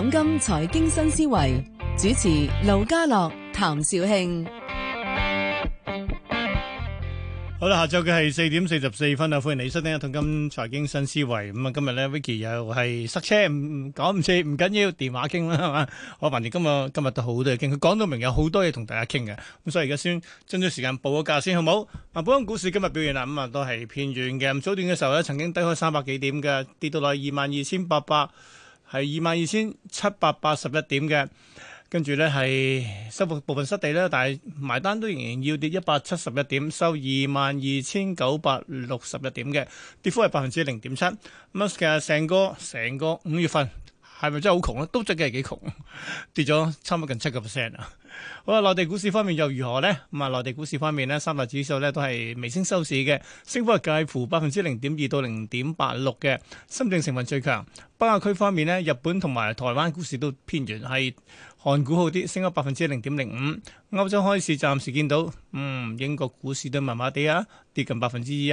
統金財經新思維主持盧家樂、譚兆慶，好啦，下晝嘅係四點四十四分啊！歡迎你收聽《統金財經新思維》。咁啊，今日咧，Vicky 又係塞車，唔唔講唔知，唔緊要，電話傾啦，係嘛？我凡你今日今日都好多嘢傾，佢講到明，有好多嘢同大家傾嘅。咁所以而家先爭咗時間報個價先，好冇？啊，本港股市今日表現啊，咁、嗯、啊都係偏軟嘅。早段嘅時候咧，曾經低開三百幾點嘅，跌到落二萬二千八百。係二萬二千七百八十一點嘅，跟住咧係收復部分失地咧，但係埋單都仍然要跌一百七十一點，收二萬二千九百六十一點嘅，跌幅係百分之零點七。咁啊，其實成個成個五月份係咪真係好窮啊？都真嘅係幾窮，跌咗差唔多近七個 percent 啊！好啊，內地股市方面又如何呢？咁啊，內地股市方面呢，三大指數呢都係微升收市嘅，升幅係介乎百分之零點二到零點八六嘅。深圳成分最強。北亞區方面呢，日本同埋台灣股市都偏軟，係韓股好啲，升咗百分之零點零五。歐洲開市暫時見到，嗯，英國股市都麻麻地啊，跌近百分之一。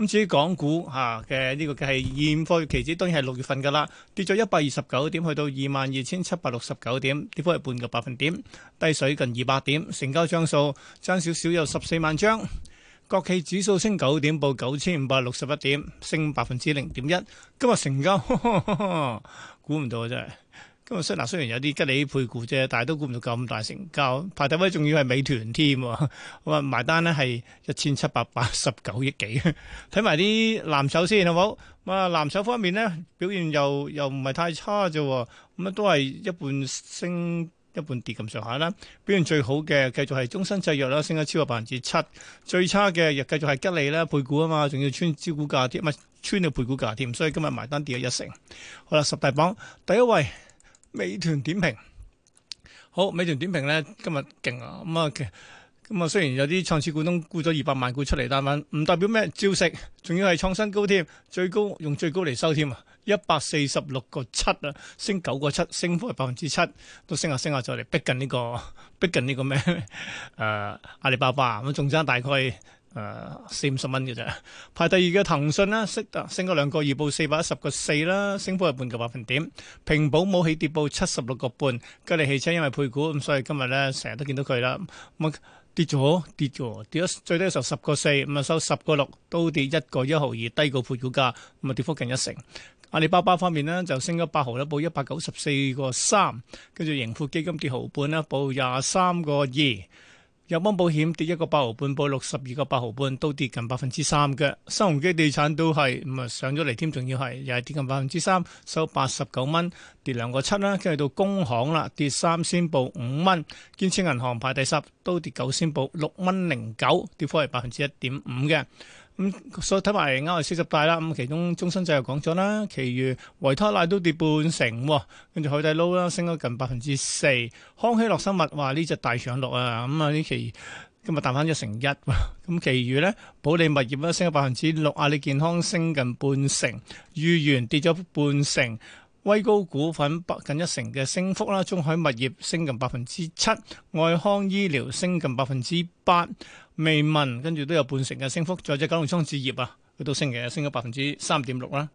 咁至於港股嚇嘅呢個係現貨月期指，當然係六月份噶啦，跌咗一百二十九點，去到二萬二千七百六十九點，跌幅係半個百分點，低水近二百點，成交張數爭少少有十四萬張，國企指數升九點，報九千五百六十一點，升百分之零點一，今日成交估唔到啊，真係～咁啊！嗱，雖然有啲吉利配股啫，但係都估唔到咁大成交。排第一位仲要係美團添喎，哇！埋單咧係一千七百八十九億幾。睇埋啲藍籌先，好唔好？哇！藍籌方面咧表現又又唔係太差咋喎，咁啊都係一半升一半跌咁上下啦。表現最好嘅繼續係中生製藥啦，升咗超過百分之七。最差嘅又繼續係吉利啦，配股啊嘛，仲要穿招股價添，唔係穿到配股價添，所以今日埋單跌咗一成。好啦，十大榜第一位。美團點評，好美團點評咧今日勁啊！咁、嗯、啊，咁、嗯、啊、嗯、雖然有啲創始股東沽咗二百萬股出嚟，但係唔代表咩？照食，仲要係創新高添，最高用最高嚟收添啊！一百四十六個七啊，升九個七，升幅係百分之七，都升下升下再嚟逼近呢、這個，逼近呢個咩？誒、啊，阿里巴巴咁，仲、嗯、差大概。誒、呃，四五十蚊嘅啫，排第二嘅騰訊啦，升啊，升咗兩個二，報四百一十個四啦，升幅係半個百分點。平保冇起跌，報七十六個半。吉利汽車因為配股，咁所以今日咧成日都見到佢啦。咁啊跌咗，跌咗，跌咗，最低嘅時候十個四，咁啊收十個六，都跌一個一毫二，低過配股價，咁啊跌幅近一成。阿里巴巴方面呢，就升咗八毫啦，報一百九十四個三，跟住盈富基金跌毫半啦，報廿三個二。友邦保險跌一個八毫半，報六十二個八毫半，都跌近百分之三嘅。新鴻基地產都係咁啊，上咗嚟添，仲要係又係跌近百分之三，收八十九蚊，跌兩個七啦。跟住到工行啦，跌三先報五蚊。建設銀行排第十，都跌九先報六蚊零九，跌幅係百分之一點五嘅。咁、嗯、所以睇埋啱係四十大啦，咁其中中生製就係講咗啦，其餘維他奶都跌半成喎，跟住海底撈啦升咗近百分之四，康希諾生物哇呢隻大上落啊，咁啊呢期今日彈翻咗成一，咁其餘咧保利物業啦升咗百分之六，阿里健康升近半成，豫園跌咗半成。威高股份百近一成嘅升幅啦，中海物業升近百分之七，愛康醫療升近百分之八，微盟跟住都有半成嘅升幅，再者九龍倉置業啊，佢都升嘅，升咗百分之三點六啦。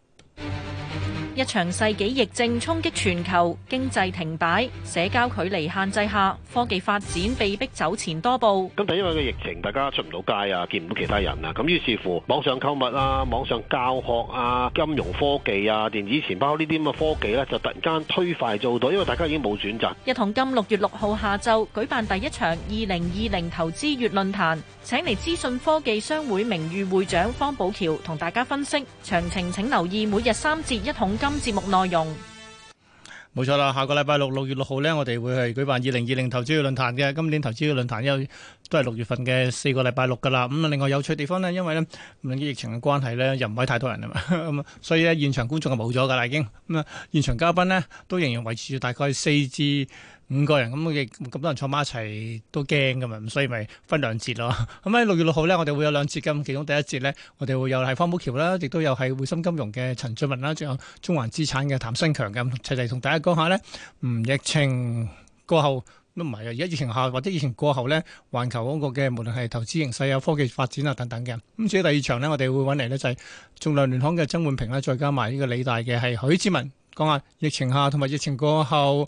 一場世紀疫症衝擊全球經濟停擺、社交距離限制下，科技發展被迫走前多步。咁因為個疫情，大家出唔到街啊，見唔到其他人啦。咁於是乎，網上購物啊、網上教學啊、金融科技啊、電子錢包呢啲咁嘅科技咧，就突然間推快咗好多，因為大家已經冇選擇。一桶金六月六號下晝舉辦第一場二零二零投資月論壇，請嚟資訊科技商會名譽會長方寶橋同大家分析詳情。請留意每日三節一桶金。今節目內容冇錯啦，下個禮拜六六月六號呢，我哋會係舉辦二零二零投資嘅論壇嘅。今年投資嘅論壇又都係六月份嘅四個禮拜六噶啦。咁啊，另外有趣嘅地方呢，因為呢，由於疫情嘅關係呢，又唔係太多人啊嘛，所以呢，現場觀眾係冇咗噶啦已經。咁、嗯、啊，現場嘉賓呢，都仍然維持住大概四至五個人咁，亦咁多人坐埋一齊都驚噶嘛，所以咪分兩節咯。咁喺六月六號呢，我哋會有兩節咁，其中第一節呢，我哋會有係方寶橋啦，亦都有係匯森金融嘅陳俊文啦，仲有中環資產嘅譚新強，咁齊齊同大家講下呢，唔疫情過後都唔係啊，而家疫情下或者疫情過後呢，環球嗰個嘅無論係投資形勢啊、科技發展啊等等嘅咁。至於第二場呢，我哋會揾嚟呢就係、是、仲量聯行嘅曾婉平啦，再加埋呢個理大嘅係許志文講下疫情下同埋疫情過後。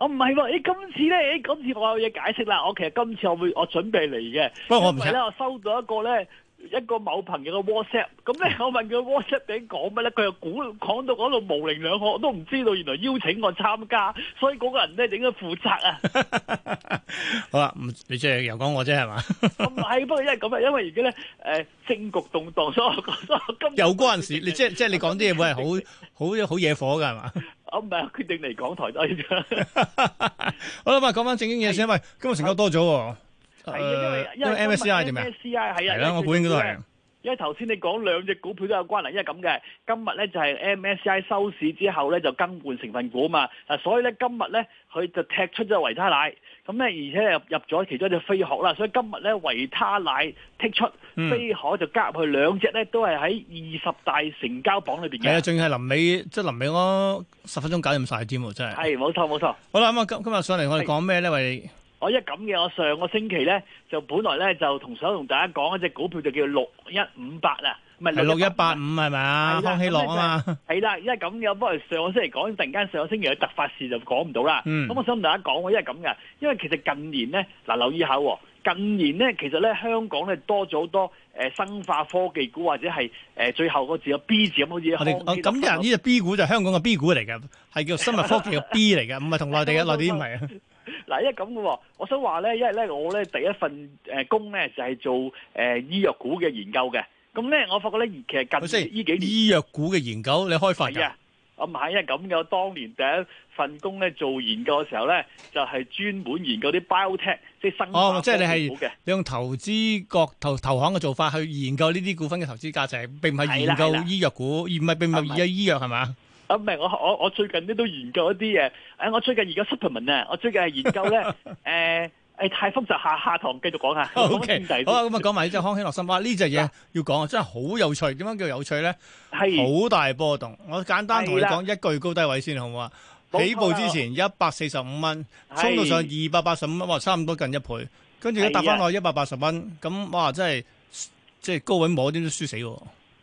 我唔係喎，你今次咧，你今次我有嘢解釋啦。我其實今次我會我準備嚟嘅，因為咧我收到一個咧一個某朋友嘅 WhatsApp，咁咧我問佢 WhatsApp 點講咩咧，佢又講講到講到模棱兩可，我都唔知道原來邀請我參加，所以嗰個人咧應該負責啊。好啦，你即係又講我啫係嘛？係，不過因為咁啊，因為而家咧誒政局動盪，所以我覺得今有嗰陣時，你即即係你講啲嘢會係好好好惹火㗎係嘛？我唔係決定嚟講台低啫。好啦，咁啊，講翻正經嘢先。因為，今日成交多咗。係啊，因為因為 M S C I 點啊？M S C I 係啊，我估應該係。因為頭先你講兩隻股票都有關係，因為咁嘅。今日咧就係 M S C I 收市之後咧就更換成分股啊嘛。啊，所以咧今日咧佢就踢出咗維他奶。咁咧，而且入入咗其中一隻飛鶴啦，所以今日咧維他奶剔出飛鶴就加入去兩隻咧，都係喺二十大成交榜裏邊嘅。係啊，仲要係臨尾，即係臨尾嗰十分鐘搞掂晒添，真係。係冇錯，冇錯。好啦咁啊，今今日上嚟我哋講咩咧？喂，我一咁嘅，我上個星期咧就本來咧就想同大家講一隻股票，就叫六一五八啊。咪六一八五係咪啊？康希諾吖嘛！係啦，因為咁又不過上個星期嚟講，突然間上個星期有突發事就講唔到啦。咁我想同大家講，我因為咁嘅，因為其實近年咧嗱，留意下，近年咧其實咧香港咧多咗好多誒生化科技股或者係誒最後個字有 B 字咁好似。我哋咁啲人呢隻 B 股就香港嘅 B 股嚟嘅，係叫生物科技嘅 B 嚟嘅，唔係同內地嘅內地唔係啊。嗱，因為咁嘅，我想話咧，因為咧我咧第一份誒工咧就係做誒醫藥股嘅研究嘅。咁咧，我發覺咧，而其實近呢幾年即醫藥股嘅研究，你開發人，我唔係因為咁嘅。我當年第一份工咧，做研究嘅時候咧，就係、是、專門研究啲 biotech，即係生物科技股。哦，即係你係你用投資國投投行嘅做法去研究呢啲股份嘅投資價值，並唔係研究醫藥股，而唔係並唔係而係醫藥係嘛？啊，唔係我我我最近呢都研究一啲嘢。誒，我最近而家 superman 啊，我最近係研究咧誒。 呃誒太複雜，哎、下下堂繼續講下。O、oh, K，okay. 好咁啊，講埋呢隻康希諾生物。哇，呢隻嘢要講啊，真係好有趣。點樣叫有趣咧？係好是大波動。我簡單同你講一句高低位先，好唔好啊？的起步之前一百四十五蚊，的衝到上二百八十五蚊，哇，差唔多近一倍。跟住一搭翻落去一百八十蚊，咁的哇，真係即係高位摸啲都輸死喎。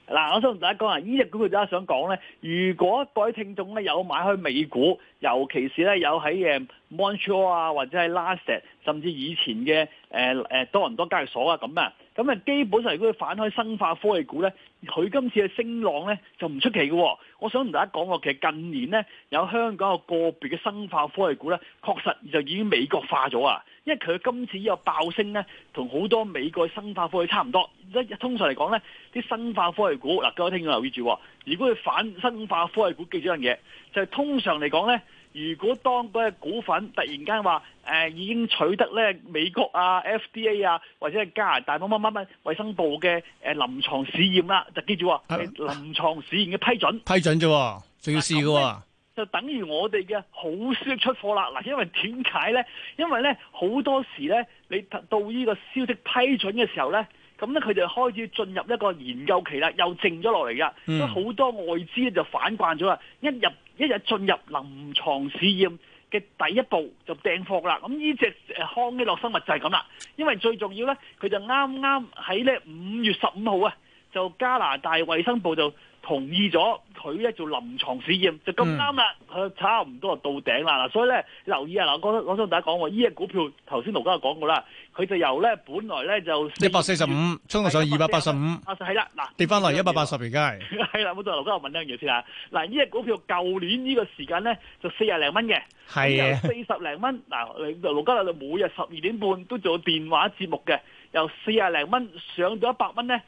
嗱，我想同大家講啊，呢隻股句大家想講咧，如果各位聽眾咧有買開美股，尤其是咧有喺誒 Montreal 啊，或者係 l a s t e 甚至以前嘅誒、呃、多倫多交易所啊咁啊，咁啊基本上如果反開生化科技股咧，佢今次嘅升浪咧就唔出奇嘅。我想同大家講個，其實近年咧有香港個個別嘅生化科技股咧，確實就已經美國化咗啊！因為佢今次呢個爆升咧，同好多美國嘅生化科技差唔多。一通常嚟講咧，啲生化科技股嗱，各位聽者留意住，如果佢反生化科技股，記住一樣嘢，就係、是、通常嚟講咧，如果當嗰隻股份突然間話，誒、呃、已經取得咧美國啊 FDA 啊或者係加拿大乜乜乜乜衞生部嘅誒臨床試驗啦，就記住係臨牀試驗嘅批准，啊啊、批准啫，仲要試嘅。就等於我哋嘅好消息出貨啦！嗱，因為點解呢？因為呢好多時呢，你到呢個消息批准嘅時候呢，咁呢，佢就開始進入一個研究期啦，又靜咗落嚟噶。好多外資呢，就反慣咗啦，一入一日進入臨床試驗嘅第一步就訂貨啦。咁呢隻康希諾生物就係咁啦。因為最重要呢，佢就啱啱喺呢五月十五號啊，就加拿大衛生部就。同意咗，佢咧做臨床試驗就咁啱啦，佢、嗯、差唔多就到頂啦嗱，所以咧留意啊嗱，我我想同大家講話呢隻股票，頭先盧哥又講過啦，佢就由咧本來咧就一百四十五衝到上二百八十五，啊係啦，嗱跌翻落嚟一百八十而家係，係啦，冇錯，盧哥又問一樣嘢先啊，嗱呢隻股票舊年呢個時間咧就四廿零蚊嘅，係四十零蚊嗱，盧盧哥又每日十二點半都做電話節目嘅，由四廿零蚊上到一百蚊咧。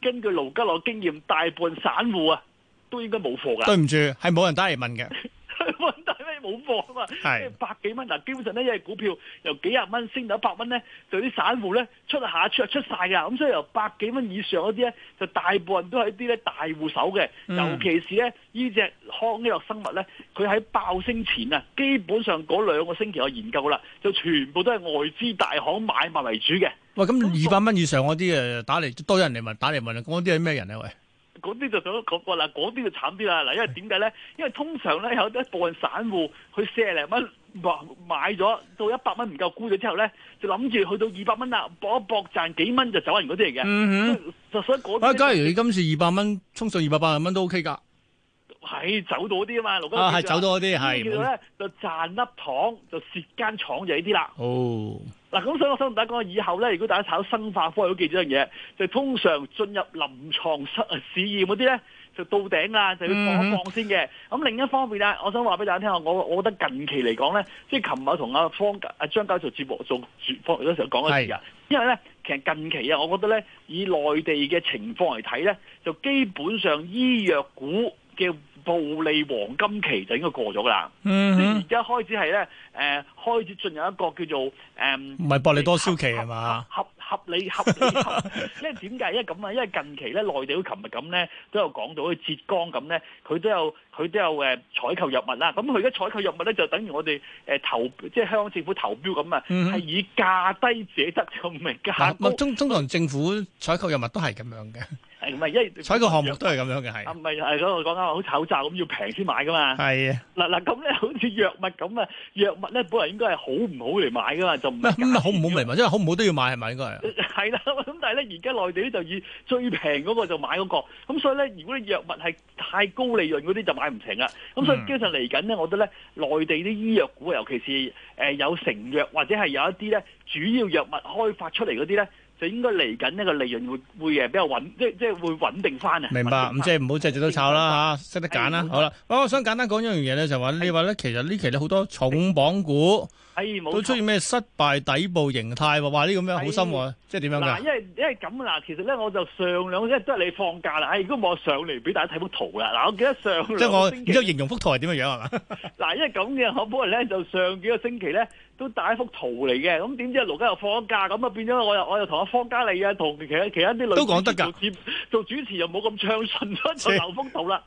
根據盧吉羅經驗，大半散戶啊，都應該冇貨嘅。對唔住，係冇人打嚟問嘅。問題係冇貨啊嘛，係是百幾蚊嗱，基本上呢因為股票由幾十蚊升到一百蚊咧，就啲散戶咧出下出出晒嘅，咁所以由百幾蚊以上嗰啲咧，就大部分都係一啲咧大戶手嘅，嗯、尤其是咧呢隻康希諾生物咧，佢喺爆升前啊，基本上嗰兩個星期我研究啦，就全部都係外資大行買賣為主嘅。喂，咁二百蚊以上嗰啲誒打嚟多咗人嚟問，打嚟問，嗰啲係咩人咧？喂，嗰啲就講講啦，嗰啲就慘啲啦。嗱，因為點解咧？因為通常咧有一部分散戶去四廿零蚊買咗到一百蚊唔夠沽咗之後咧，就諗住去到二百蚊啦，搏一搏賺幾蚊就走人嗰啲嚟嘅。嗯哼，就所以嗰啲、哎。假如你今次二百蚊沖上二百八十蚊都 OK 噶？係走多啲啊嘛，六千蚊啊，係走多啲係。叫做咧就賺粒糖，就蝕間廠呢啲啦。哦。嗱，咁所以我想同大家講，以後咧，如果大家炒生化科技，都記住一樣嘢，就通常進入臨床實試驗嗰啲咧，就到頂啦，就要放一放先嘅。咁、mm hmm. 另一方面呢，我想話俾大家聽下，我我覺得近期嚟講咧，即係琴日同阿方阿張教授節目、做方嗰時候講嘅嘢，是因為咧，其實近期啊，我覺得咧，以內地嘅情況嚟睇咧，就基本上醫藥股嘅。暴利黃金期就應該過咗㗎啦，即係而家開始係咧，誒開始進入一個叫做誒，唔係薄利多銷期係嘛？合合理合理合理，咧點解？因為咁啊，因為近期咧內地都琴日咁咧都有講到，好似浙江咁咧，佢都有佢都有誒採購藥物啦。咁佢而家採購藥物咧就等於我哋誒投，即係香港政府投標咁啊，係以價低者得咁嚟加。中中國人政府採購藥物都係咁樣嘅。係因為所有項目都係咁樣嘅？係的啊，唔係係嗰個講緊話好炒作咁，要平先買噶嘛。係的啊，嗱嗱咁咧，好似藥物咁啊，藥物咧本嚟應該係好唔好嚟買噶嘛，就唔係好唔好嚟買？因為好唔好都要買係咪應該係。係啦，咁但係咧，而家內地咧就以最平嗰個就買嗰、那個，咁所以咧，如果啲藥物係太高利潤嗰啲就買唔成啦。咁所以經常嚟緊咧，我覺得咧，內地啲醫藥股，尤其是誒、呃、有成藥或者係有一啲咧主要藥物開發出嚟嗰啲咧。就應該嚟緊呢個利潤會會誒比較穩，即係即係會穩定翻啊！明白，咁即係唔好隻隻都炒啦吓，識得揀啦。好啦，我想簡單講一樣嘢咧，就話你話咧，其實呢期咧好多重磅股，係冇都出現咩失敗底部形態，話話呢咁樣好深，即係點樣噶？嗱，因為因為咁嗱，其實咧我就上兩日即係你放假啦，係如果冇上嚟，俾大家睇幅圖啦。嗱，我記得上兩星期，即係形容幅圖係點樣啊？嗱，因為咁嘅，我冇咧就上幾個星期咧。都帶一幅圖嚟嘅，咁點知啊盧家又放假，咁啊變咗我又我又同阿方家麗啊同其他其他啲女都講得㗎，做主持又冇咁暢順，就流風圖啦。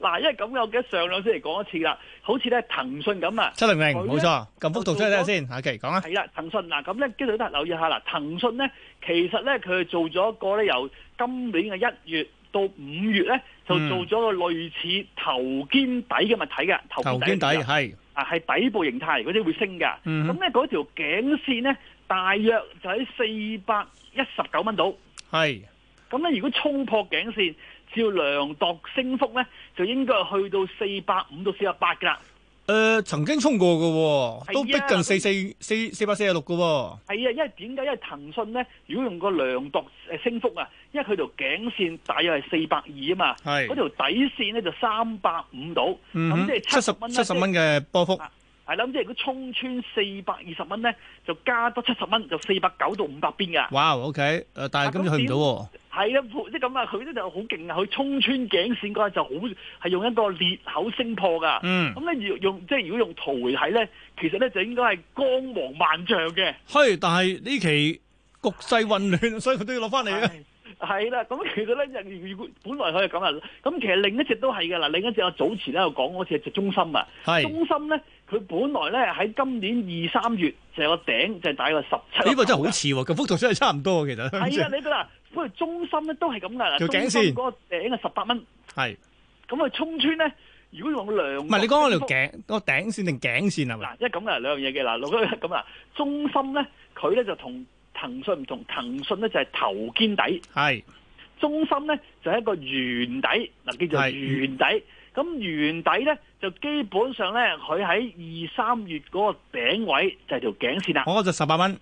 嗱， 因為咁啊，我記得上兩星期講一次啦，好似咧騰訊咁啊，七零零冇呢錯，咁幅圖出嚟睇下先，下期了、okay, 講啊。係啦，騰訊嗱，咁咧跟住上都留意一下啦。騰訊咧其實咧佢做咗一個咧由今年嘅一月到五月咧就做咗個類似頭肩底嘅物體嘅，嗯、頭肩底係。啊，係底部形態，嗰啲會升嘅。咁咧、嗯哼，嗰條頸線咧，大約就喺四百一十九蚊度。係是。咁咧，如果衝破頸線，照量度升幅咧，就應該去到四百五到四百八嘅啦。誒、呃，曾經衝過嘅，都逼近四四四四百四十六嘅。係、哦、啊，因為點解？因為騰訊咧，如果用個量度誒升幅啊，因為佢條頸線大約係四百二啊嘛。係是。嗰條底線咧就三百五度，咁、嗯、哼即係七十蚊。七十蚊嘅波幅。係啦、啊，咁、嗯、即係如果衝穿四百二十蚊咧，就加多七十蚊，就四百九到五百邊噶。哇、wow，，OK，誒、呃，但係、啊、今日去唔到、啊。係啊，即咁啊，佢咧就好勁啊！佢衝穿頸線嗰下就好，係用一個裂口升破噶。嗯，咁咧用用即係如果用圖嚟睇咧，其實咧就應該係光芒萬丈嘅。係，但係呢期局勢混亂，所以佢都要攞翻嚟嘅。係啦，咁其實咧，就如果本來佢係咁啊，咁其實另一隻都係嘅啦。另一隻我早前咧度講，好似係中心啊。係是。中心咧，佢本來咧喺今年二三月就成個頂就大概十七。呢個、欸、真係好似喎，咁幅圖真係差唔多啊，其實。係啊，你嗱。咁佢中心咧都係咁噶，條頸線個頂係十八蚊，係咁佢衝穿咧。如果用兩個，唔係你講嗰條頸，個頂線定頸線係咪？嗱，即係咁噶，兩樣嘢嘅嗱，六咁啦。中心咧，佢咧就同騰訊唔同，騰訊咧就係頭肩底，係中心咧就係一個圓底，嗱叫做圓底。咁圓底咧就基本上咧，佢喺二三月嗰個頂位就係條頸線啦。我嗰就十八蚊。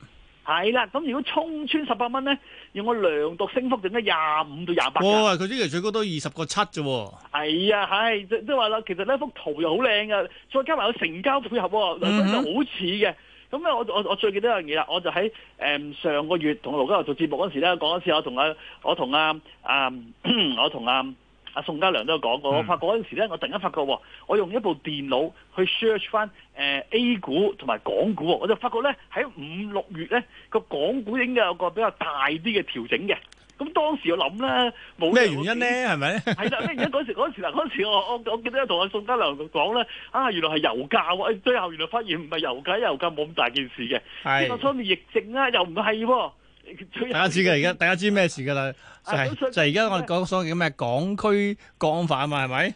係啦，咁如果衝穿十八蚊咧，用我量度升幅，定得廿五到廿八。哇、哦！佢呢期最高都二十個七啫。係啊，係即係話啦，其實呢幅圖又好靚嘅，再加埋個成交配合，就好似嘅。咁咧、嗯哼，我我我最記得一樣嘢啦，我就喺誒、嗯、上個月同盧家豪做節目嗰時咧，講一次我同阿我同阿啊,啊我同阿。啊阿宋嘉良都有講過，我發覺嗰陣時咧，我突然間發覺，我用一部電腦去 search 翻、呃、A 股同埋港股，我就發覺咧喺五六月咧個港股應該有個比較大啲嘅調整嘅。咁當時我諗咧，冇咩原因咧，係咪係啦，咩 原因嗰時嗰陣嗰時，時時時我我我記得同阿宋嘉良講咧，啊原來係油價喎，最後原來發現唔係油價，油價冇咁大件事嘅，而家出面疫症啊又唔係喎。大家知嘅而家，大家知咩事嘅啦？就係就係而家我哋講所謂咩港區國安法啊嘛，係咪？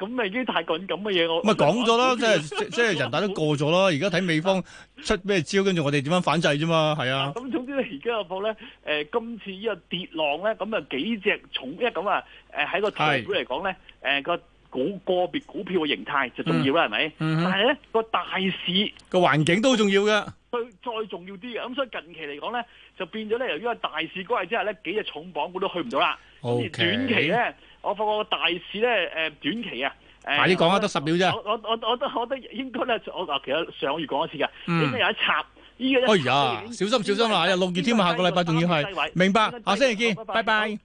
咁咪已經太敏感嘅嘢我咪講咗咯，即係即係人大都過咗咯。而家睇美方出咩招，跟住我哋點樣反制啫嘛，係啊。咁總之咧，而家個波咧，誒，今次依個跌浪咧，咁啊幾隻重，即係咁啊，誒喺個圖表嚟講咧，誒個。股個別股票嘅形態就重要啦，係咪？但係咧個大市個環境都重要嘅。對，再重要啲嘅。咁所以近期嚟講咧，就變咗咧，由於個大市關係之下咧，幾隻重磅股都去唔到啦。短期咧，我發覺個大市咧，誒短期啊，誒，快啲講下得十秒啫。我我我都覺得應該咧，我其實上個月講一次㗎，咁咧有一插，依個咧。哎呀，小心小心啦！六月添啊，下個禮拜仲要係，明白。下星期見，拜拜。